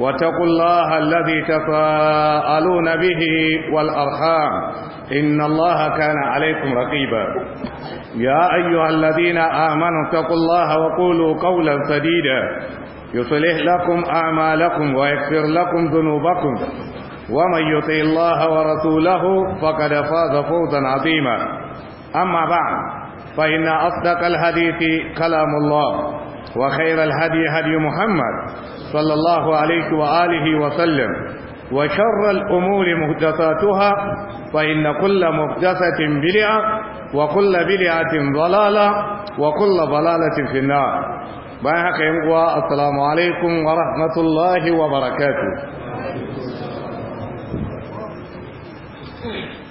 واتقوا الله الذي تفاءلون به والأرحام إن الله كان عليكم رقيبا يا أيها الذين آمنوا اتقوا الله وقولوا قولا سديدا يصلح لكم أعمالكم ويكفر لكم ذنوبكم ومن يطع الله ورسوله فقد فاز فوزا عظيما أما بعد فإن أصدق الحديث كلام الله وخير الهدي هدي محمد صلى الله عليه وآله وسلم وشر الأمور مهدساتها فإن كل مهدسة بلعة وكل بلعة ضلالة وكل ضلالة في النار بحق ينقوى السلام عليكم ورحمة الله وبركاته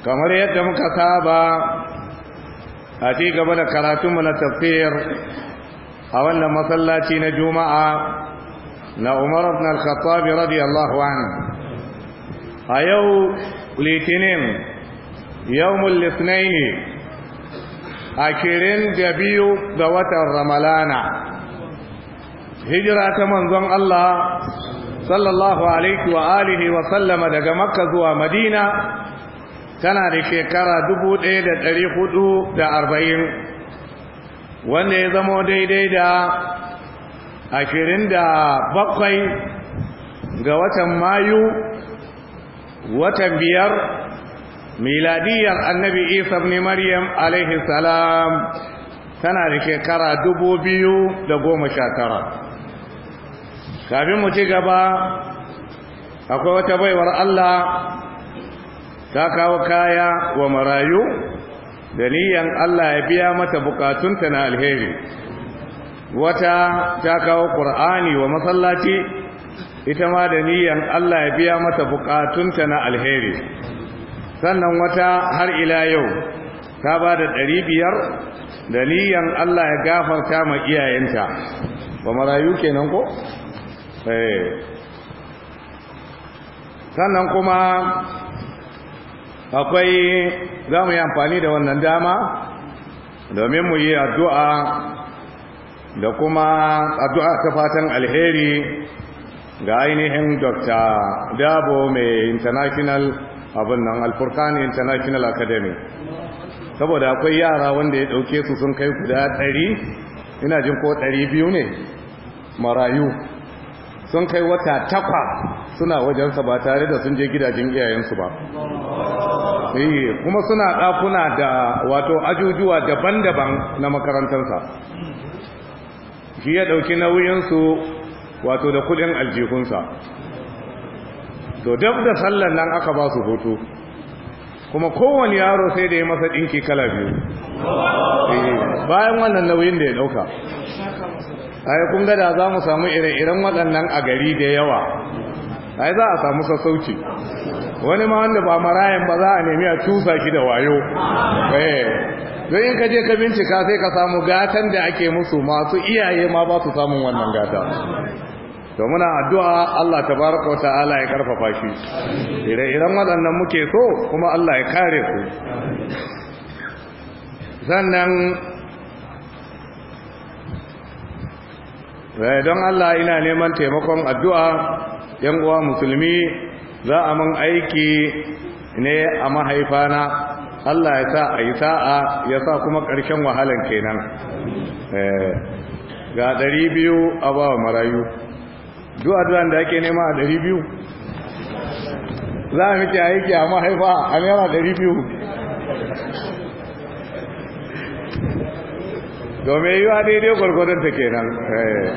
كما yadda muka saba a ci gaba da karatunmu na tafsir a na umar ibn al-khattab radiyallahu a yau litinin yawmul litnaini akirin da biyu ga watan ramalana hijira ta manzon Allah sallallahu alaihi wa alihi wa sallama daga makka zuwa madina tana da shekara dubu ɗaya da hudu da arba'in, wanda ya zamo daidai da ashirin da bakwai ga watan mayu watan biyar miladiyar annabi isa ne maryam alaihi salam tana da shekara dubu biyu da goma sha tara kafin mu ci gaba akwai wata baiwar allah ta kawo kaya wa marayu da niyan allah ya biya mata bukatunta na alheri wata ta kawo ƙur'ani wa masallaci ita ma da niyan Allah ya biya mata bukatunta na alheri sannan wata har ila yau ta ba da ɗari biyar da niyan Allah ya gafarta ma iyayenta ba marayu kenan ko? Eh. sannan kuma akwai za mu yi amfani da wannan dama domin mu yi addu'a da kuma addu'a ta fatan alheri ga ainihin dr dabo mai international abin nan alfurkani international academy saboda akwai yara wanda ya dauke su sun kai guda ɗari ina jin ko ɗari biyu ne marayu sun kai wata takwa suna wajensa ba tare da sun je gidajen iyayensu ba eh, kuma suna ɗakuna da wato ajujuwa daban-daban na makarantarsa shi ya ɗauki nauyinsu wato da kudin aljihunsa to dab da sallan nan aka ba su hoto kuma kowane yaro sai da ya masa ɗinki kala biyu eh, bayan wannan nauyin da ya ɗauka ai kun gada za mu samu ire-iren waɗannan a gari da yawa ai za a samu sassauci wani ma wanda ba marayan ba za a nemi a cusa shi da wayo eh. don in ka je ka bincika sai ka samu gatan da ake musu masu iyaye ma ba su samun wannan gata to muna addu'a Allah tabaraka wa ta'ala ya karfafa shi ire-iren waɗannan muke so kuma Allah ya kare ku sannan eh, don Allah ina neman taimakon addu'a ‘yan uwa musulmi za a man aiki ne a mahaifana Allah ya sa a yi sa'a ya sa kuma ƙarshen wahalan kenan eh, ga ɗari biyu a ba wa marayu duwa duwan da ake nema a ɗari biyu za a miki aiki a mahaifa a nema ɗari biyu domin yi wa daidai gwargwadon ta kenan eh,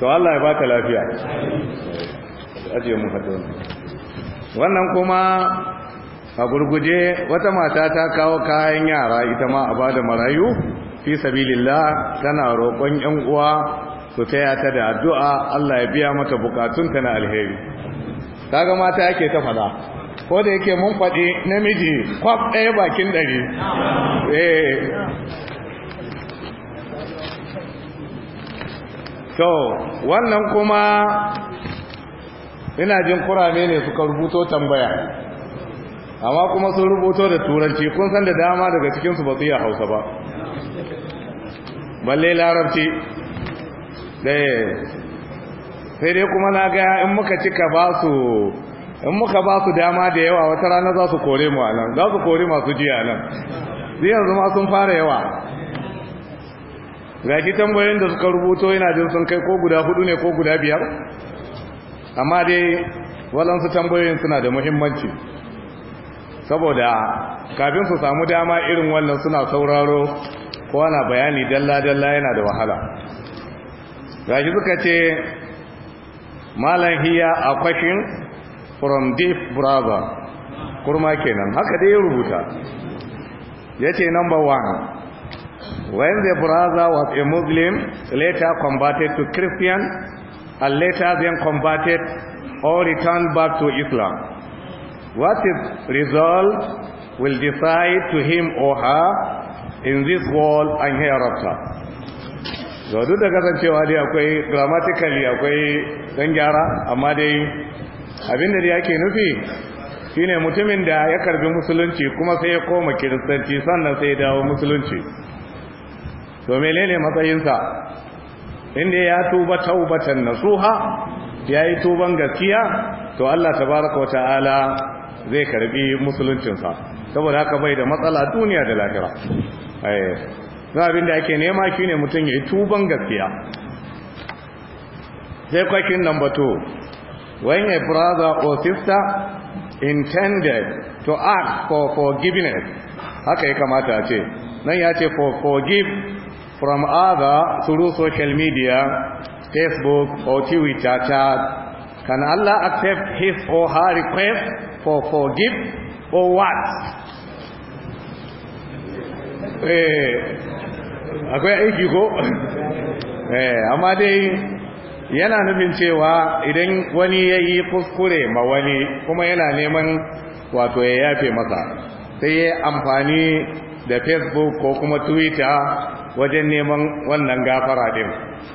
to Allah ya ta lafiya wannan kuma a gurguje wata mata ta kawo kayan yara ita ma a ba da marayu fi sabilillah tana roƙon yan uwa su taya ta da addu'a Allah ya biya mata ta na alheri kaga mata yake ta fada ko da yake mun faɗi namiji kwaf ɗaya bakin ɗari eh. to wannan kuma ina jin kurame ne suka rubuto tambaya amma kuma sun rubuto da turanci kun san da dama daga cikinsu ba su yi hausa ba balle larabci eh, sai dai kuma na ga in muka cika ba su in muka ba su dama da yawa wata rana za su kore mu a za su kore masu jiya nan zai yanzu ma sun fara yawa ga ki tambayoyin da suka rubuto yana jin sun kai ko guda hudu ne ko guda biyar amma dai walansu tambayoyin suna da muhimmanci saboda kafin su samu dama irin wannan suna sauraro ko ana bayani dalla-dalla yana da wahala gashi suka ce malam hiya a kwashin from deep brother kurma kenan haka dai rubuta ya ce number one when the brother was a muslim later converted to christian and later then converted or returned back to islam What is result will decide to him or her in this world and hereafter. So duk da kasancewa dai akwai grammatically akwai dan gyara amma dai abinda da yake nufi shine mutumin da ya karbi musulunci kuma sai ya koma kiristanci sannan sai ya dawo musulunci to menene matsayinsa inda ya tuba taubatan nasuha yayi tuban gaskiya to Allah tabaraka ta'ala. zai karbi musuluncinsa saboda haka bai da matsala duniya da lafira. Eh, na abin da ake nema shi ne mutum ya yi tuban gaskiya sai kwakin number two when a brother or sister intended to ask for forgiveness haka ya kamata a ce nan ya ce for forgive from other through social media facebook or twitter chat can Allah accept his or her request for forgive or what eh, akwai aiki ko eh, amma dai yana nufin cewa idan wani ya yi kuskure ma wani kuma yana neman wato ya yafe masa sai ya amfani da facebook ko kuma twitter wajen neman wannan gafara din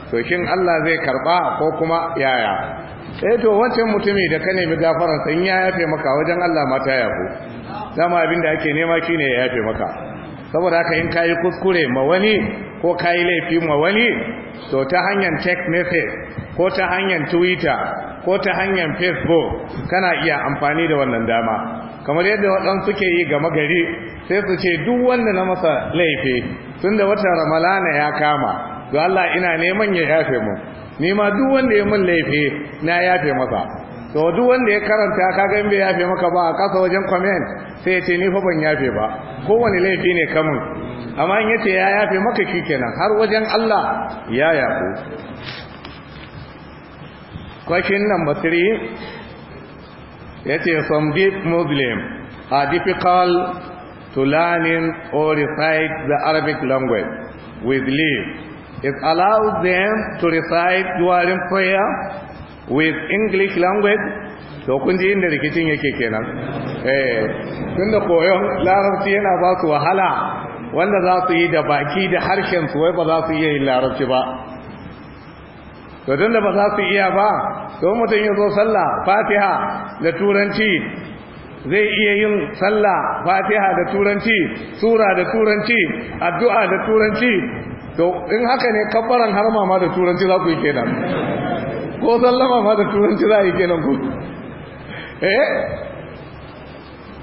to shin Allah zai karba ko kuma yaya eh to wancan mutumi da ka nemi gafarar in ya yafe maka wajen Allah ma ta yafo dama abin da ake nema shine ya yafe maka saboda haka in kayi kuskure ma wani ko kai laifi ma wani to ta hanyar text message ko ta hanyar twitter ko ta hanyar facebook kana iya amfani da wannan dama kamar yadda waɗansu suke yi gama gari sai su ce duk wanda na masa laifi tun da watan ramalana ya kama to Allah ina neman ya yafe mu ni ma duk wanda ya min laifi na yafe maka. To duk wanda ya karanta kaga in bai yafe maka ba a kasa wajen comment sai ya ce ni fa ban yafe ba kowane laifi ne kamun amma in yace ya yafe maka kenan har wajen Allah ya yafu question number 3 yace from deep muslim a difficult to learn or recite the arabic language with leave It allows them to recite during prayer with English language to kun ji inda rikicin yake kenan eh tunda koyon larabci yana ba su wahala wanda za su yi da baki da harshen su wai ba za su iya yin larabci ba to tunda ba za su iya ba to mutum ya zo sallah fatiha da turanci zai iya yin sallah fatiha da turanci sura da turanci addu'a da turanci to in haka ne kabbaran harma ma da turanci za ku yi kenan ko sallama ma da turanci za a yi kenan ku eh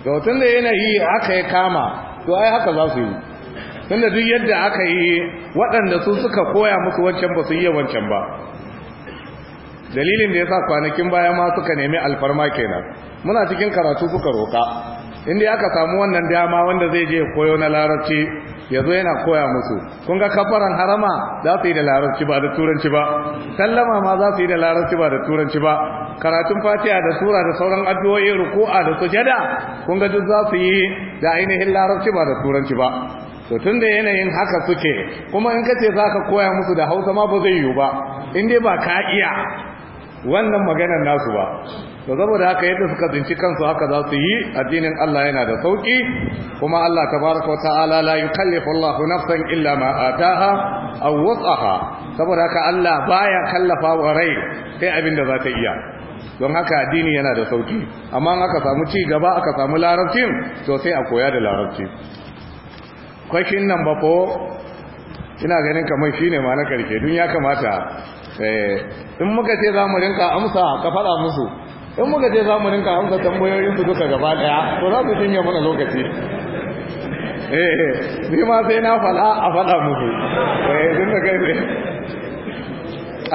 to tun da yanayi aka yi kama to ai haka za su yi tun da duk yadda aka yi waɗanda su suka koya musu wancan ba su yi wancan ba dalilin da ya sa kwanakin baya ma suka nemi alfarma kenan muna cikin karatu suka roka inda aka samu wannan dama wanda zai je koyo na larabci Yazo yana koya musu kun ga kafaran harama za su yi da larabci ba da turanci ba sallama ma za su yi da larabci ba da turanci ba karatun fatiha da sura da sauran addu'o'i ruku'a da sujada kun ga duk za su yi da ainihin larabci ba da turanci ba to tunda yanayin haka suke kuma in ka ce za ka koya musu da hausa ma ba zai yiwu ba in dai ba ka iya wannan maganar nasu ba to saboda haka yadda suka tsinci kansu haka za su yi addinin Allah yana da sauki kuma Allah tabaraka ta'ala la yukallifu Allahu nafsan illa ma ataha aw wasaha saboda haka Allah baya kallafa wa rai sai abin da za ta iya don haka addini yana da sauki amma in aka samu ci gaba aka samu larabcin to sai a koya da larabci kwakin nan ba ina ganin kamar shine ma na karshe dun ya kamata Eh, in muka ce za mu rinka amsa ka faɗa musu in muka ce za mu rinka amsa tambayoyin su duka gaba ɗaya to za su cinye mana lokaci eh ni ma sai na faɗa a faɗa musu eh tun da kai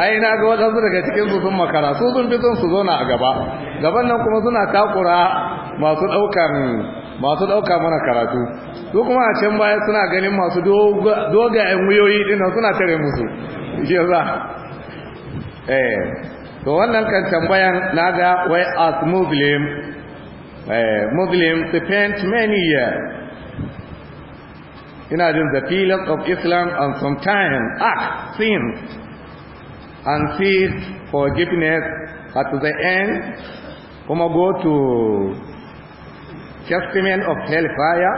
ai na ga wadansu daga cikin su sun makara su sun fi son su zauna a gaba gaban nan kuma suna takura masu ɗaukar masu ɗauka mana karatu su kuma a can baya suna ganin masu dogayen wuyoyi ɗin suna tare musu shi yasa eh to wannan kan tambayan naga why as muslim eh muslim paint many years ina jin the feeling of islam and sometimes ah sins and seek forgiveness at the end kuma go to testament of hellfire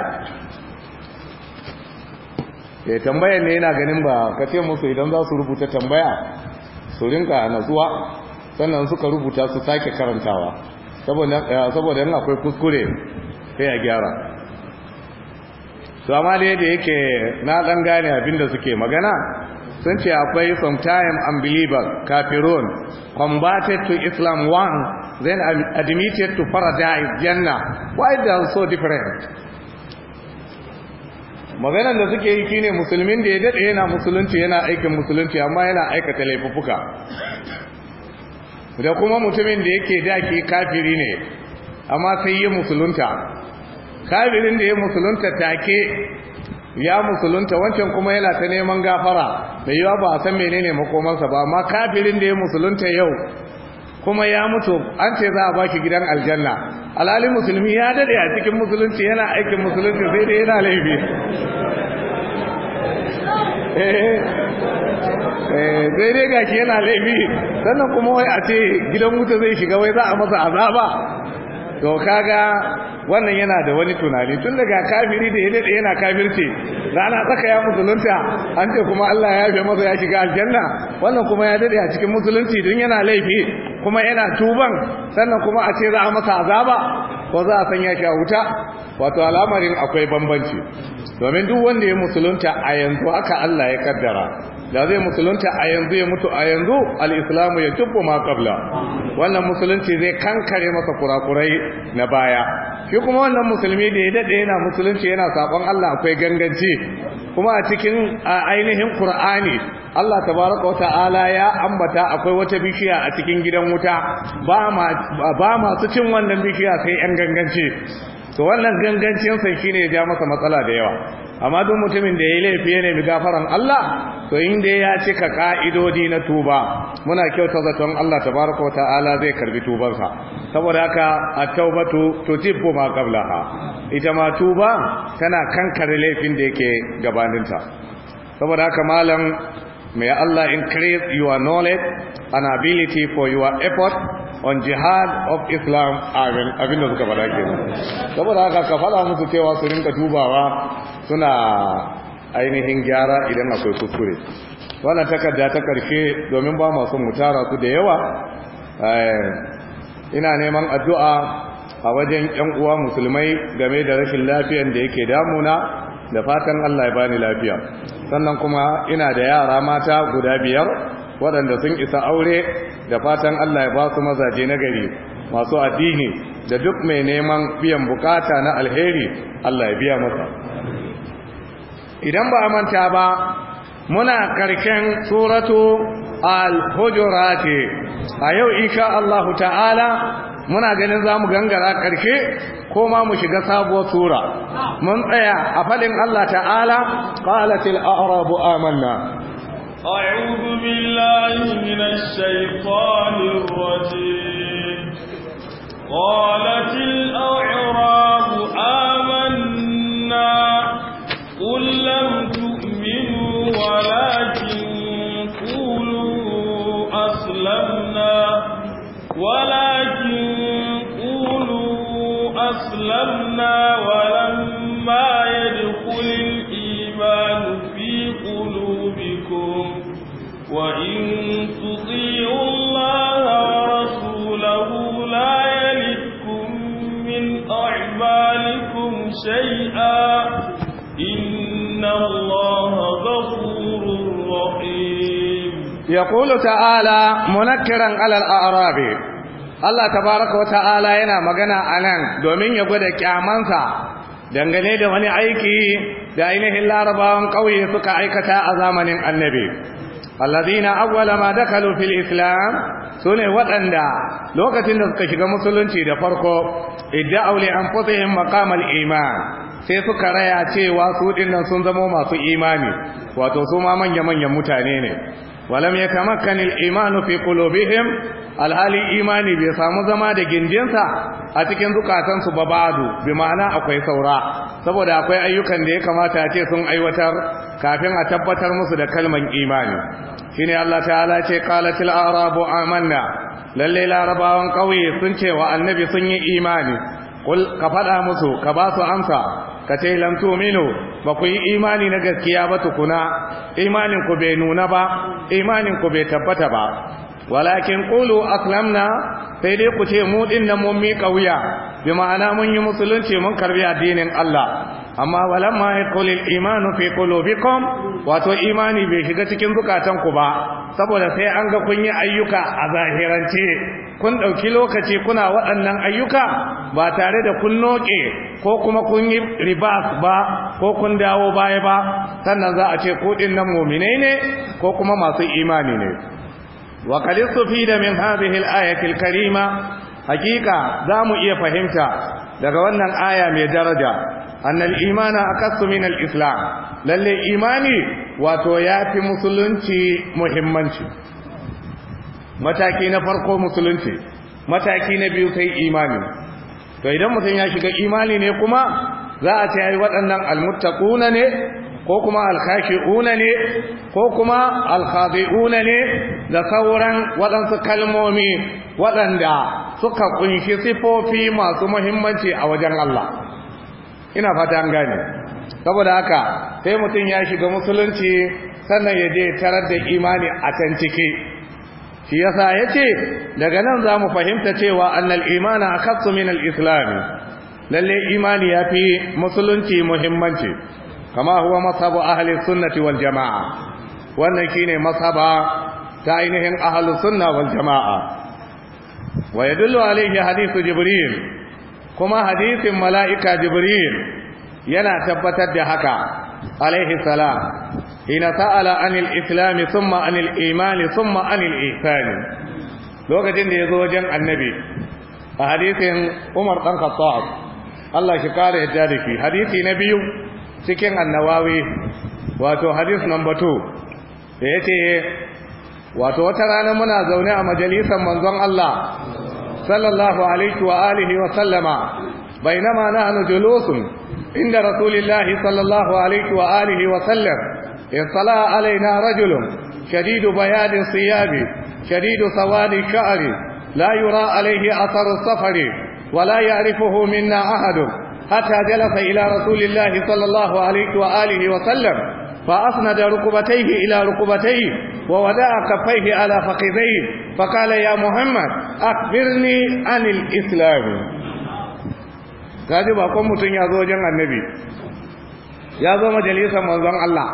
eh tambaya ne ina ganin ba ka ce musu idan za su rubuta tambaya su rinka natsuwa sannan suka rubuta su sake karantawa saboda yin eh, akwai kuskure sai a gyara su amma da yadda yake na dan gane abinda suke magana sun ce akwai sometime unbeliever kafirun combated to islam one then admitted to paradise janna why they are so different Maganar da suke yi shine musulmin da ya dade yana musulunci yana aikin musulunci amma yana aikata laifuka da kuma mutumin da yake daki kafiri ne amma sai ya musulunta kafirin da ya musulunta take ya musulunta wancan kuma yana ta neman gafara da yawa ba a san menene makomarsa ba amma kafirin da ya musulunta yau kuma ya mutu an ce za a baki gidan aljanna alhalin musulmi ya dade a cikin musulunci yana aikin musulunci sai dai yana laifi eh, eh, sai dai ga shi yana laifi sannan kuma wai a ce gidan wuta zai shiga wai za a masa azaba to kaga wannan yana da wani tunani tun daga kafiri da ya dade yana kafirce rana tsaka ya musulunta an ce kuma Allah ya fi masa ya shiga aljanna wannan kuma ya dade a cikin musulunci don yana laifi kuma yana tuban sannan kuma a ce za a masa azaba ko za a sanya shi a wuta wato al'amarin akwai bambanci domin duk wanda ya musulunta a yanzu aka Allah ya kaddara da zai musulunta a yanzu ya mutu a yanzu al'islamu ya tubu ma kabla wannan musulunci zai kankare masa kurakurai na baya shi kuma wannan musulmi da ya daɗe yana musulunci yana saƙon Allah akwai ganganci kuma a cikin ainihin ƙura'ani Allah tabaraka wata'ala ya ambata akwai wata bishiya a cikin gidan wuta ba masu cin wannan bishiya sai yan ganganci, to wannan gangancin sai shine ya ja masa matsala da yawa amma duk mutumin da ya yi laifi ne nemi gafaran Allah to in dai ya cika ka'idodi na tuba muna kyauta zaton Allah tabaraka wa ta'ala zai karbi tubarsa. saboda haka at-taubatu tutibbu ma qablaha ita ma tuba tana kankare laifin da yake gabaninta saboda haka malam may Allah increase your knowledge and ability for your effort on jihad of Islam abin da suka faɗa kenan saboda haka kafala faɗa musu cewa su rinka dubawa suna ainihin gyara idan akwai kuskure wannan takarda ta karshe domin ba masu mutara su da yawa eh, ina neman addu'a a wajen ‘yan uwa musulmai game da rashin lafiyan da yake damuna da fatan Allah ya bani lafiya sannan kuma ina da yara mata guda biyar waɗanda sun isa aure da fatan Allah ya ba su mazaje na gari masu addini da duk mai neman biyan bukata na alheri Allah ya biya masa idan ba manta ba muna karken suratu al-hujurati a yau insha Allah ta'ala muna ganin zamu gangara karshe ko ma mu shiga sabuwar sura mun tsaya a fadin Allah ta'ala qalatil a'rabu amanna a'udhu billahi minash shaitanir rajim qalatil a'rabu amanna qul ولكن قولوا أسلمنا ولكن قولوا أسلمنا ولما يدخل الإيمان في قلوبكم وإن تطيعوا الله ورسوله لا يلدكم من أعمالكم شيئا إن الله غفور Yakulu ta'ala munakkiran alal arabe. Allah tabaraka wa ta'ala yana magana anan domin ya gwada kyamansa dangane da wani aiki da ainihin larabawan ƙauye suka aikata a zamanin annabi alladhina awwala ma dakalu fil islam sune waɗanda lokacin da suka shiga musulunci da farko idda'u li anfusihim maqamal iman sai suka raya cewa su ɗinnan sun zama masu imani wato suma ma manya manyan mutane ne walam ya tamakkan imanu fi qulubihim alhali imani bai samu zama da gindinsa a cikin zukatansu ba ba'adu bi ma'ana akwai saura saboda akwai ayyukan da ya kamata ce sun aiwatar kafin a tabbatar musu da kalman imani shine Allah ta'ala ce qalatil arabu amanna lalle larabawan kauye sun ce wa annabi sun yi imani kul ka faɗa musu ka ba su amsa ka ce lam tu'minu ba ku yi imani na gaskiya ba tukuna imanin ku bai nuna ba imanin ku bai tabbata ba walakin qulu aslamna sai dai ku ce mu din mun mika wuya bi ma'ana mun yi musulunci mun karbi addinin Allah amma ma yaqul al-imanu fi qulubikum wato imani bai shiga cikin zukatan ku ba saboda sai an ga kun yi ayyuka a zahirance kun dauki lokaci kuna waɗannan ayyuka ba tare da kun noke ko kuma kun yi ribas ba ko kun dawo baya ba sannan za a ce ku dinnan muminai ne ko kuma masu imani ne wa qad istufida min hadhihi al-ayati al-karima hakika za mu iya fahimta daga wannan aya mai daraja annal imana akassu min al-islam lalle imani wato yafi musulunci muhimmanci mataki na farko musulunci mataki na biyu sai imani to idan mutum ya shiga imani ne kuma za a ce yi waɗannan almuttaquna ne ko kuma alkhashi'una ne ko kuma alkhadi'una ne da sauran waɗansu kalmomi waɗanda suka kunshi sifofi masu muhimmanci a wajen Allah ina fata an gane saboda haka sai mutum ya shiga musulunci sannan ya je tarar da imani a can ciki shi yasa ya ce daga nan za mu fahimta cewa annal imana a kasu min al'islami lalle imani ya fi musulunci muhimmanci kama huwa masabu ahalin sunnati wal jama'a wannan shine masaba ta ainihin ahalin sunna wal jama'a wa yadullu alaihi hadithu jibril kuma hadisin mala'ika jibril yana tabbatar da haka alaihi salam Ina sa'ala anil islami summa anil imani summa anil ihsani lokacin da ya zo wajen annabi a hadisin umar ɗan khattab Allah shi ƙara yadda da shi hadisi na biyu cikin annawawi wato hadis number 2 da ce wato wata rana muna zaune a majalisar manzon Allah صلى الله عليه وآله وسلم بينما نحن جلوس عند رسول الله صلى الله عليه وآله وسلم اطلع علينا رجل شديد بياد صياب شديد سواد شعر لا يرى عليه أثر السفر ولا يعرفه منا أحد حتى جلس إلى رسول الله صلى الله عليه وآله وسلم فأسند ركبتيه إلى ركبتيه وودع كفيه على فخذيه فقال يا محمد أخبرني عن الإسلام kaji ba kon ya zo wajen annabi ya zo majalisar manzon Allah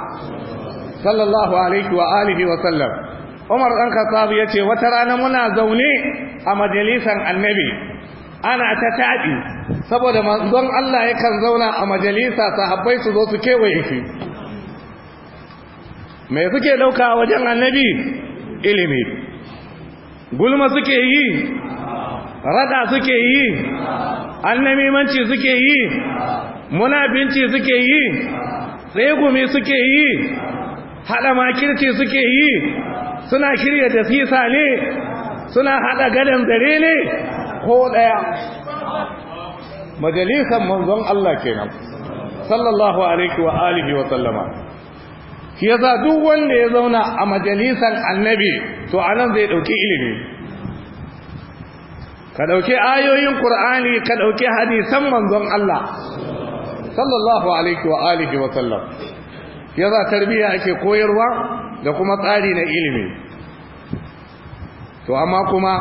sallallahu alaihi wa wa sallam Umar dan Khattab yace wata rana muna zaune a majalisar annabi ana ta taɗi saboda manzon Allah yakan zauna a majalisa sahabbai su zo su kewaye shi Mai suke dauka wajen annabi ilimi gulma suke yi rada suke yi annamimanci suke yi Muna binci suke yi tsegumi suke yi Haɗa makirci suke yi suna shirya da ne suna haɗa gadon dare ne ko ɗaya. majalisan manzon Allah kenan sallallahu alaihi wa alihi wa sallama shi yasa duk wanda ya zauna a majalisan annabi to anan zai dauki ilimi ka dauki ayoyin qur'ani ka dauki hadisan manzon Allah sallallahu alaihi wa alihi wa sallam yasa tarbiya ake koyarwa da kuma tsari na ilimi to amma kuma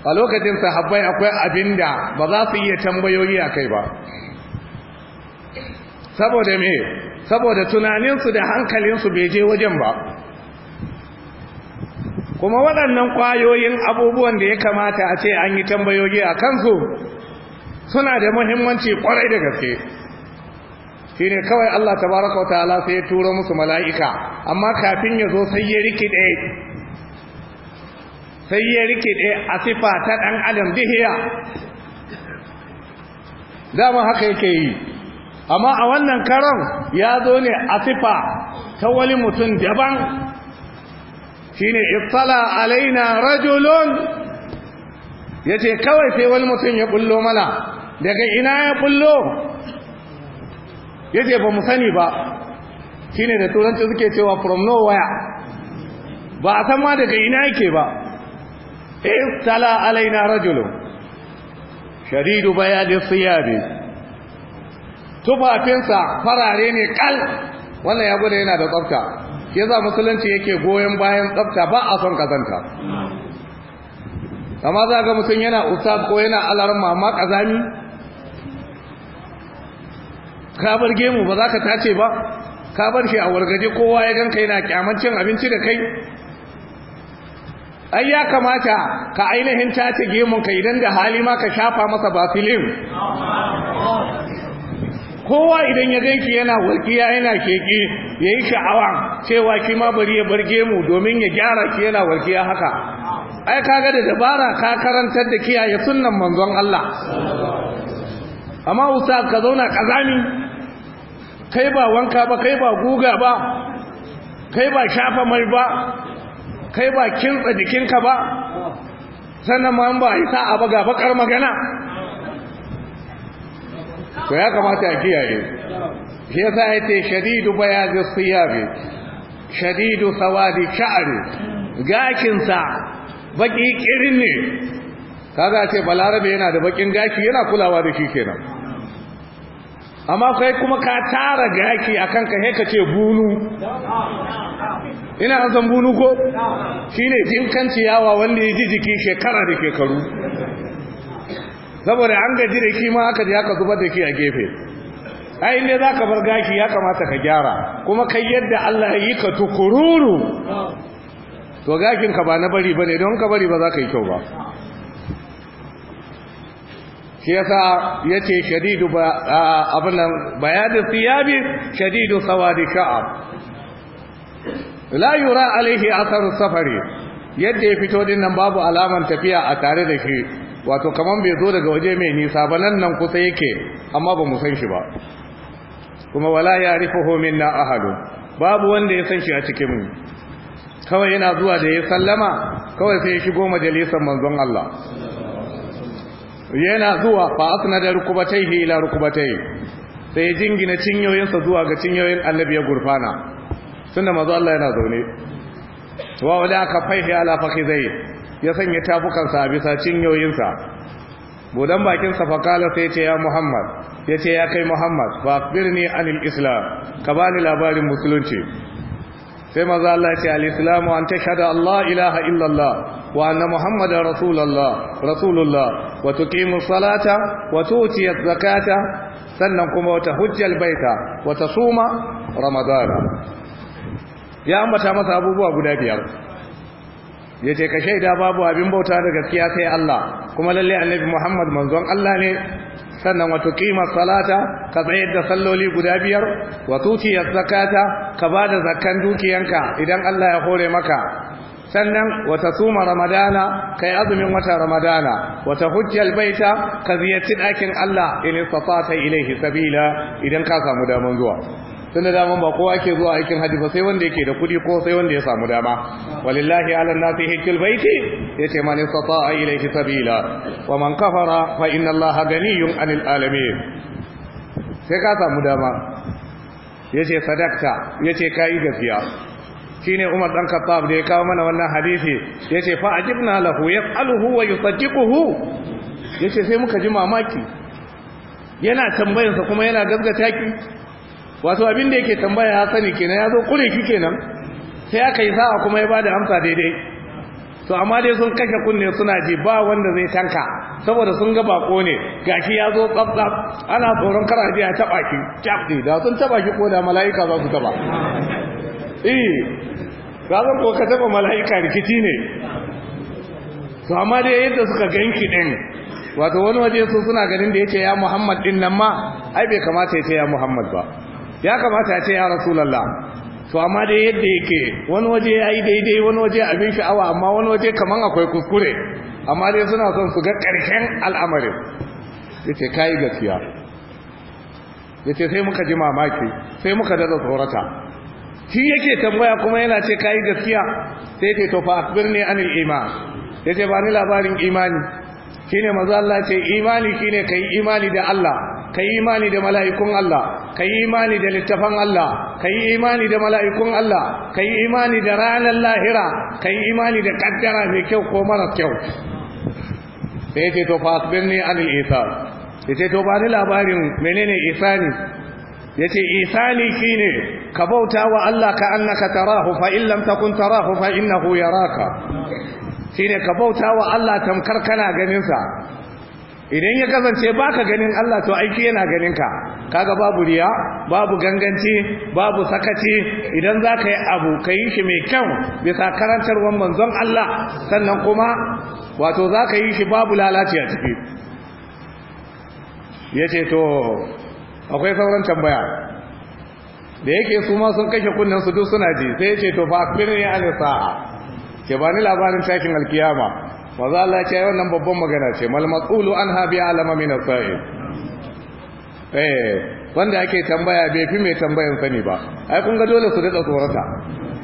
a lokacin sahabbai akwai abinda ba za su iya tambayoyi akai ba saboda me saboda tunaninsu da hankalinsu bai je wajen ba kuma waɗannan ƙwayoyin abubuwan da ya kamata a ce an yi tambayoyi a kansu suna da muhimmanci ƙwarai da gaske shi ne kawai Allah Ta baraka wa ta'ala sai ya turo musu mala'ika amma kafin ya zo sai ya rikide sai ya rikide a sifa ta ɗan adam dihiya dama haka yake yi amma a wannan karon ya zo ne a sifa ta wani mutum daban ne iftala alaina rajulun ce kawai sai wani mutum ya bullo mana daga ina ya bullo ce ba mu sani ba ne da turanci suke cewa from nowhere ba a san ma daga ina yake ba iftala alaina rajulun shadidu bayadi siyabi tufafinsa farare ne kal wannan ya gwada yana da tsafta ke za musulunci yake goyon bayan tsafta ba a son kazanta amma za ga mutum yana ustaz ko yana alarin mamma kazami ka bar gemu ba za ka tace ba ka bar shi a wargaje kowa ya ganka yana kyamancin abinci da kai ai ya kamata ka ainihin tace gemun ka idan da hali ma ka shafa masa basilin. kowa idan ya ganki yana walƙiya yana keke yayi sha'awa cewa ki ma bari ya barge mu domin ya gyara ki yana walƙiya haka ai kaga da dabara ka karantar da kiyaye sunnan manzon Allah amma usa ka zauna kazami kai ba wanka ba kai ba guga ba kai ba shafa mai ba kai ba kintsa jikinka ba sannan ma ba isa a baga bakar magana to ya kamata a kiyaye shi yasa yace shadidu bayadi siyabi shadidu sawadi sha'ri gakin sa baki kirin ne kaga ce balarabe yana da bakin gashi, yana kulawa da shi kenan amma kai kuma ka tara gaki akan ka heka ce bunu ina san bunu ko shine jinkanci ciyawa wanda ya ji jiki shekara da shekaru saboda an gaji da kima ma aka ji aka zubar da shi a gefe ai inda za ka bar gashi ya kamata ka gyara kuma kai yadda Allah ya yi ka tukururu to ka ba na bari ba ne don ka bari ba za ka yi kyau ba shi yasa ya ce shadidu abinan bayanin siyabi shadidu sawadi sha'a. la yura alaihi asar safari yadda ya fito din babu alamar tafiya a tare da shi wato kamar bai zo daga waje mai nisa ba nan nan kusa yake amma ba mu san shi ba kuma wala ya homin na ahadu babu wanda ya san shi a cikin mu kawai yana zuwa da ya sallama kawai sai ya shigo majalisar manzon Allah yana zuwa fa rukubatai rukubatayhi ila rukubatai sai ya jingina cinyoyinsa zuwa ga cinyoyin annabi ya gurfana tunda manzo Allah yana zaune wa wala ka faihi ala fakhizai ya sanya tafukansa a bisa cinyoyinsa budan bakinsa fakala sai ce ya muhammad ya ce ya kai muhammad ba birni anil islam ka bani labarin musulunci sai maza Allah ce al-islamu an tashhadu Allah ilaha illallah wa anna muhammadar rasulullah rasulullah wa tuqimu salata wa tu'ti zakata sannan kuma wata hujjal baita wa tasuma ramadana ya ambata masa abubuwa guda biyar ya ce ka shaida babu abin bauta da gaskiya sai Allah kuma lalle annabi Muhammad manzon Allah ne sannan wato kima salata ka tsayar da salloli guda biyar wa tutiyaz zakata ka da zakkan dukiyanka idan Allah ya hore maka sannan wata suma ramadana kai azumin wata ramadana wata hujjar baita ka ziyarci ɗakin Allah in istata ilaihi sabila idan ka samu daman zuwa tunda daman ba kowa ke zuwa aikin haji ba sai wanda yake da kudi ko sai wanda ya samu dama walillahi ala nasi hajjul baiti yace man istata'a ilayhi sabila wa man kafara fa inna allaha ganiyun anil alamin sai ka samu dama yace sadakta yace kai gafiya shine Umar dan Khattab da ya kawo mana wannan hadisi yace fa ajibna lahu yas'aluhu wa yusaddiquhu yace sai muka ji mamaki yana tambayarsa kuma yana gaskata ki wato abin da yake tambaya ya sani kenan ya zo kure ki kenan sai aka yi sa'a kuma ya bada amsa daidai to amma dai sun kashe kunne suna ji ba wanda zai tanka saboda sun ga bako ne gashi ya zo tsabtsab ana tsoron kar a ji a taba ki da sun taba ki ko da mala'ika za su taba eh zan ko ka taba mala'ika rikici ne to amma dai yadda suka ganki din wato wani waje su suna ganin da yace ya Muhammad din nan ma ai bai kamata ya ce ya Muhammad ba ya kamata a ce ya rasulallah to amma dai yadda yake wani waje ya yi daidai wani waje abin sha'awa amma wani waje kamar akwai kuskure amma dai suna son su ga ƙarshen al'amarin ya ce kayi gaskiya ya ce sai muka ji mamaki sai muka daɗa tsorata shi yake tambaya kuma yana ce kayi gaskiya sai ce to fa akbir ne anil iman ya ce ba ni labarin imani shine maza Allah ce imani shine kai imani da Allah ka yi imani da mala'ikun Allah ka yi imani da littafan Allah ka yi imani da mala'ikun Allah ka yi imani da ranar lahira ka yi imani da kaddara mai kyau ko mara kyau sai ce to fasbir ne anil Isa? ya ce to ba ni labarin menene ne? ya ce Isa ne shi ne ka bauta wa Allah ka annaka tarahu fa in lam takun tarahu fa innahu yaraka shi ne ka bauta wa Allah tamkar kana ganinsa idan ya kasance baka ganin Allah to aiki yana ganin ka kaga babu riya babu ganganci babu sakaci idan zaka yi abu ka yi shi mai kyau bisa karantarwar manzon Allah sannan kuma wato zaka yi shi babu lalaci a ciki yace to akwai sauran tambaya da yake su ma sun kashe kunnen su duk suna ji sai yace to fa akbirni alisa ke bani labarin takin alkiyama maza Allah ya ce wannan babban magana ce mal matsulu an habi alama min sa'il eh wanda ake tambaya bai fi mai tambayan sani ba ai kun ga dole su rika tsorata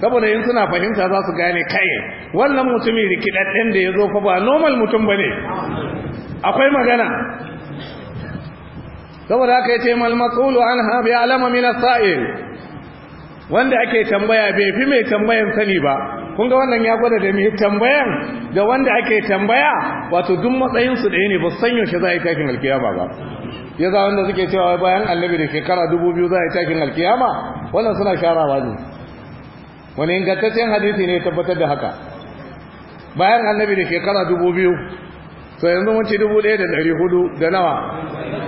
saboda in suna fahimta za su gane kai wannan mutumin rikidadden da ya zo fa ba normal mutum bane akwai magana saboda aka yi mal matsulu an habi alama min sa'il wanda ake tambaya bai fi mai tambayan sani ba kun ga wannan ya gwada da mai tambayan da wanda ake tambaya wato duk matsayin su ɗaya ne ba san yaushe za a yi takin alkiyama ba ya za wanda suke cewa bayan annabi da shekara dubu biyu za a yi takin alkiyama wannan suna sharawa ne wani ingantaccen hadisi ne tabbatar da haka bayan annabi da shekara dubu biyu so yanzu mun ci dubu ɗaya da ɗari hudu da nawa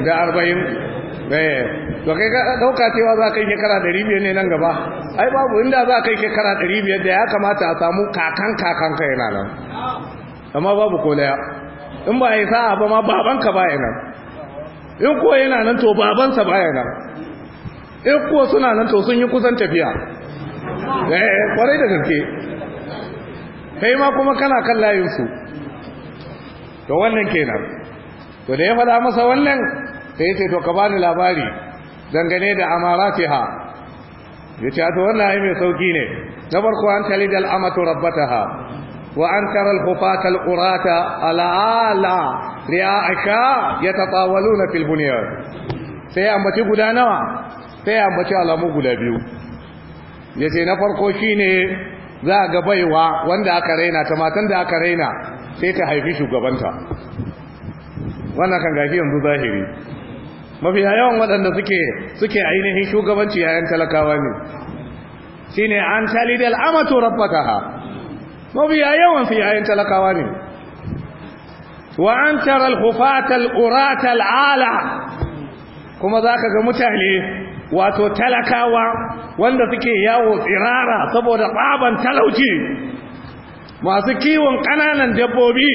da arba'in Eh, to kai ka dauka cewa za kai shekara 200 ne nan gaba ai babu inda za kai shekara 200 da ya kamata a samu kakan kakan kai nan amma babu ko daya in ba yi sa'a ba ma babanka baya nan in ko yana nan to babansa baya nan in ko suna nan to sun yi kusan tafiya eh kwarai da gaske kai ma kuma kana kan layinsu to wannan kenan to da ya faɗa masa wannan sai ya to ka bani labari dangane da amaratiha ya to wannan ai mai sauki ne na farko an talid al'amatu rabbataha wa an tara al-hufata al-qurata al'ala ri'aka yatatawaluna fil bunyan sai ambaci guda nawa sai ambaci alamu guda biyu yace na farko shine za ga baiwa wanda aka raina ta matan da aka raina sai ta haifi shugabanta wannan kan gafi yanzu zahiri mafiya yawan waɗanda suke suke ainihin shugabanci yayin talakawa ne shine an talidal amatu rabbataha mafiya yawan su yayan talakawa ne wa an tara al al-urata al-ala kuma zaka ga mutane wato talakawa wanda suke yawo tsirara saboda ɓaban talauci masu kiwon ƙananan dabbobi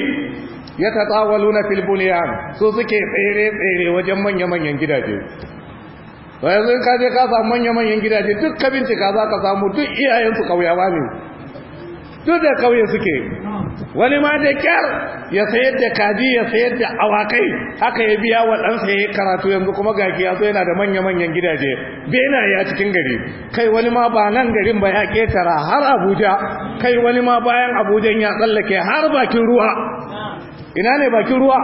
ya tatsawaluna luna bunyan su suke tsere tsere wajen manya manyan gidaje Bayan yanzu in ka samu manya manyan gidaje duk ka bincika za ka samu duk iyayensu ba ne duk da kauye suke wani ma da kyar ya sayar da kaji ya sayar da awakai haka ya biya wa ɗansa ya karatu yanzu kuma ga ya so yana da manya-manyan gidaje bena ya cikin gari kai wani ma ba nan garin ba ya ketara har abuja kai wani ma bayan abujan ya tsallake har bakin ruwa ina ne bakin ruwa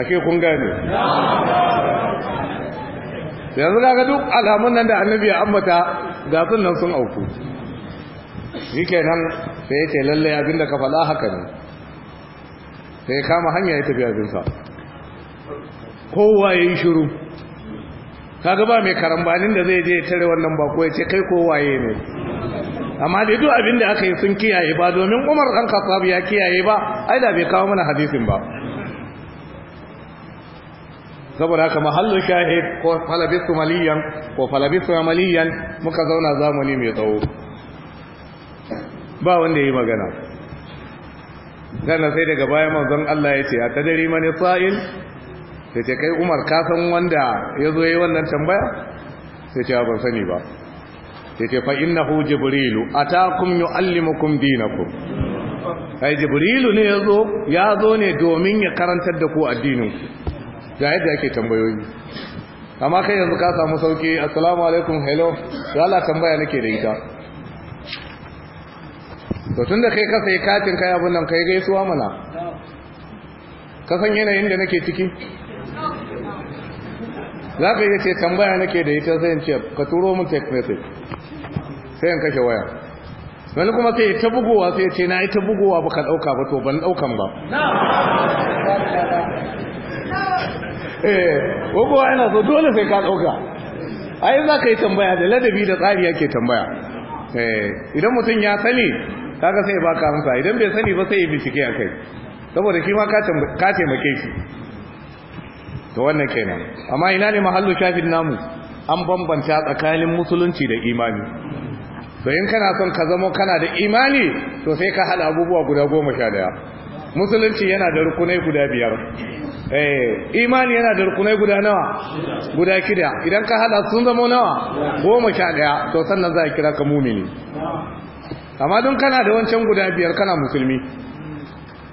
ake kun gane yanzu ga duk alamun nan da annabi ya ambata ga sun nan sun auku yi kenan sai ya ce lallai abinda ka fada haka ne sai kama hanya ya tafi abinsa kowa ya yi shiru Ta ba mai karambanin da zai je ya tare wannan bako ya ce kai kowaye ne amma dai duk abin da aka yi sun kiyaye ba domin umar dan khattab ya kiyaye ba ai da bai kawo mana hadisin ba saboda haka mahallu shahid ko falabistu maliyan ko falabistu maliyan muka zauna zamani mai tsawo ba wanda yi magana sannan sai daga bayan manzon Allah ya ce a tadari mani sa'il sai ce kai umar ka san wanda ya zo yi wannan tambaya sai ce ban sani ba yake fa innahu jibrilu atakum yuallimukum dinakum ai jibrilu ne yazo ya ne domin ya karantar da ku addinin ku ga yadda ake tambayoyi amma kai yanzu ka samu sauki assalamu alaikum hello ya Allah tambaya nake da ita to tunda kai ka sai katin kai abun nan kai gaisuwa mana ka san yanayin da nake ciki za ka iya ce tambaya nake da ita sai ce ka turo mun take message sai in kashe waya wani kuma sai ta bugowa sai ce na yi ta bugowa ba ka ɗauka ba to ban ɗaukan ba eh bugowa yana so dole sai ka ɗauka ai za ka yi tambaya da ladabi da tsari yake tambaya eh, idan mutum ya sani kaga sai baka amsa idan bai sani ba sai ya bincike a kai saboda shi ma ka taimake shi to wannan kenan amma ina ne mahallu shafin namu an bambanta tsakanin musulunci da imani to in kana son ka zama kana da imani to sai ka hada abubuwa guda goma sha daya musulunci yana da rukunai guda biyar eh imani yana da rukunai guda nawa guda kida idan ka hada sun zama nawa goma sha daya to sannan za a kira ka mumini amma don kana da wancan guda biyar kana musulmi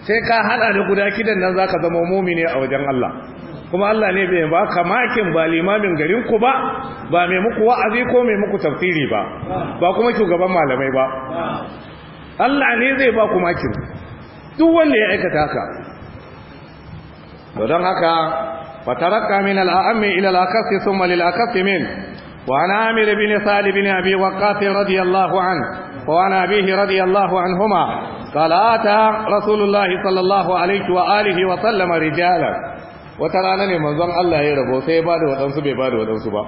sai ka hada da guda kidan nan zaka zama mumini a wajen Allah kuma Allah ne bai ba ka makin ba limamin garin ku ba ba mai muku wa'azi ko mai muku tafsiri ba ba kuma shugaban malamai ba Allah ne zai baku ku makin duk wanda ya aikata haka to don haka fa taraka min al-a'ammi ila al-aqas min wa ana amir bin sali bin abi waqas radiyallahu an wa ana bihi radiyallahu anhuma salata rasulullahi sallallahu alayhi wa alihi wa sallama rijalan wata rana ne manzon Allah ya rabo sai ya bada waɗansu bai bada waɗansu ba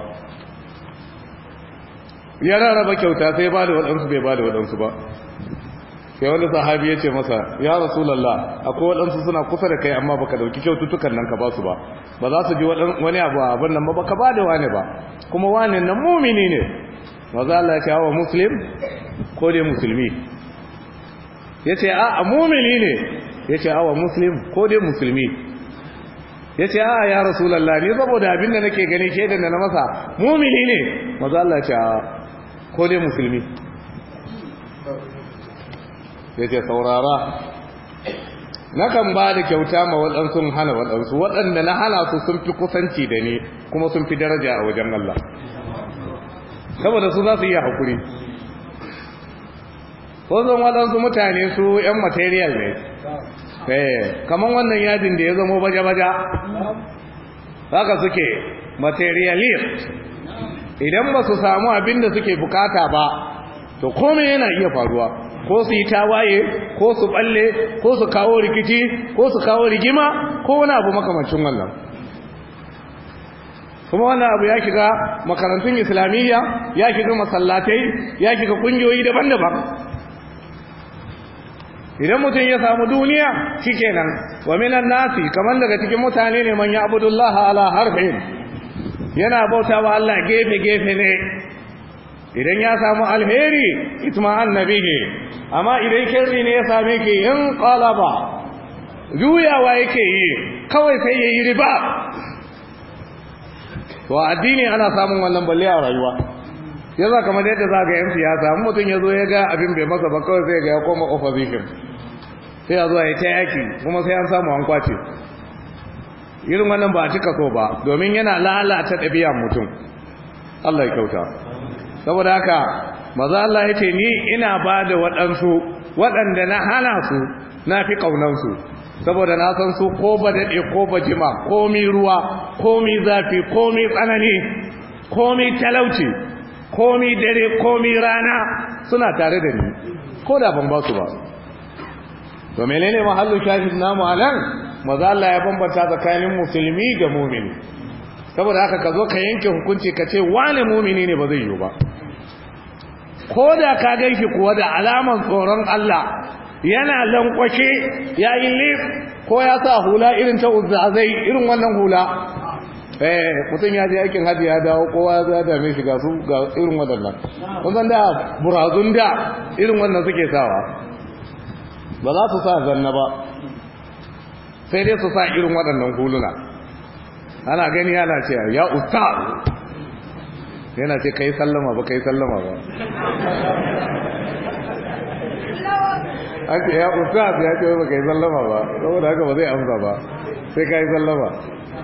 ya rarraba kyauta sai ya bada waɗansu bai bada waɗansu ba sai wani sahabi ya ce masa ya rasulallah akwai waɗansu suna kusa da kai amma baka dauki kyaututtukan nan ka ba su ba ba za su ji wani abu a abin nan ba baka ba da wani ba kuma wani nan mumini ne maza Allah ya ce hawa muslim ko dai musulmi ya ce a mumini ne ya ce hawa muslim ko dai musulmi ya ce a ya rasu lallani saboda abin da nake gani ke da na masa mumini ne maza Allah ce a ko dai musulmi ya ce saurara nakan ba da kyauta ma waɗansu hana waɗansu waɗanda na hana su sun fi kusanci da ni kuma sun fi daraja a wajen Allah saboda su za su iya haƙuri ko zan waɗansu mutane su 'yan material ne Eh, kaman wannan yadin da ya zama baja-baja haka suke materialist idan ba su samu abin da suke bukata ba to kome yana iya faruwa ko su yi tawaye ko su balle ko su kawo rikici ko su kawo rigima ko wani abu makamancin wannan kuma wannan abu ya shiga makarantun islamiyya ya shiga masallatai ya shiga kungiyoyi daban-daban idan mutum ya samu duniya shikenan wa minan nasi Kamar daga cikin mutane ne man ya'budullaha ala harfin yana bautawa Allah gefe gefe ne idan ya samu alheri itma'an nabihi amma idan kirri ne ya same ki in qalaba juyawa yake yi kawai sai yayi riba wa addini ana samun wannan balle a rayuwa za kamar yadda za ga yan siyasa mutum ya zo ya ga abin bai masa ba kawai sai ga ya koma opposition sai ya zo ya ta yaki kuma sai an samu an kwace irin wannan ba a cika so ba domin yana lalata ɗabiya mutum Allah ya kyauta saboda haka maza Allah ya ce ni ina ba da waɗansu waɗanda na hana su na fi ƙaunansu saboda na san su ko ba daɗe ko ba jima komi ruwa komi zafi komi tsanani komi talauci komi dare komi rana suna tare da ni ko da ban ba su ba to menene mahallin shahid namu alan maza Allah ya bambanta tsakanin musulmi da mu'mini saboda haka ka zo ka yanke hukunci ka ce wani mu'mini ne ba zai yi ba ko da ka ganki kuwa da alaman tsoron Allah yana lankwashe ya yi lif ko ya sa hula irin ta uzzazai irin wannan hula eh mutum ya je aikin hajji ya dawo kowa ya dame shi ga su ga irin waɗannan kun da burazun da irin wannan suke sawa ba za su sa zanna ba sai dai su sa irin waɗannan huluna ana gani yana ce ya ustaz yana ce kai sallama ba kai sallama ba ake ya ustaz ya ce ba kai sallama ba saboda haka ba zai amsa ba sai kai sallama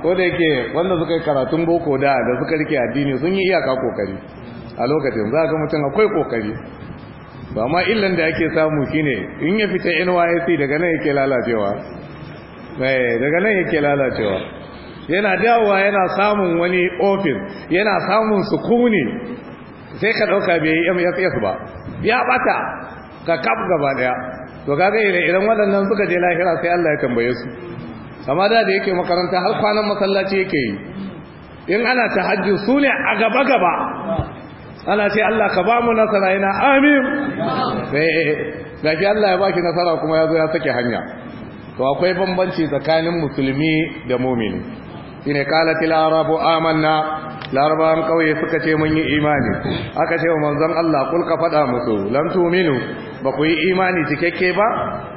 ko da yake wanda suka yi karatun boko da da suka rike addini sun yi iyaka kokari a lokacin za ga mutum akwai kokari ba ma illan da ake samu shine in ya fita NYC daga nan yake lalacewa eh, daga nan yake lalacewa yana dawowa yana samun wani ofis yana samun sukuni sai ka dauka bai yi MFS ba ya bata ka kaf gaba daya to kaga idan waɗannan suka je lahira sai Allah ya tambaye su amma da da yake makaranta har kwanan masallaci yake yi in ana hajji su ne a gaba gaba ana ce Allah ka ba mu nasara yana amin da eh, eh, eh. Allah ya baki nasara kuma ya zo ya sake hanya to akwai bambanci tsakanin musulmi da mumini kala qalatil arabu amanna larabawan kauye suka ce mun yi imani aka ce wa manzon Allah kul ka fada musu lam tu'minu ba ku yi imani cikakke ba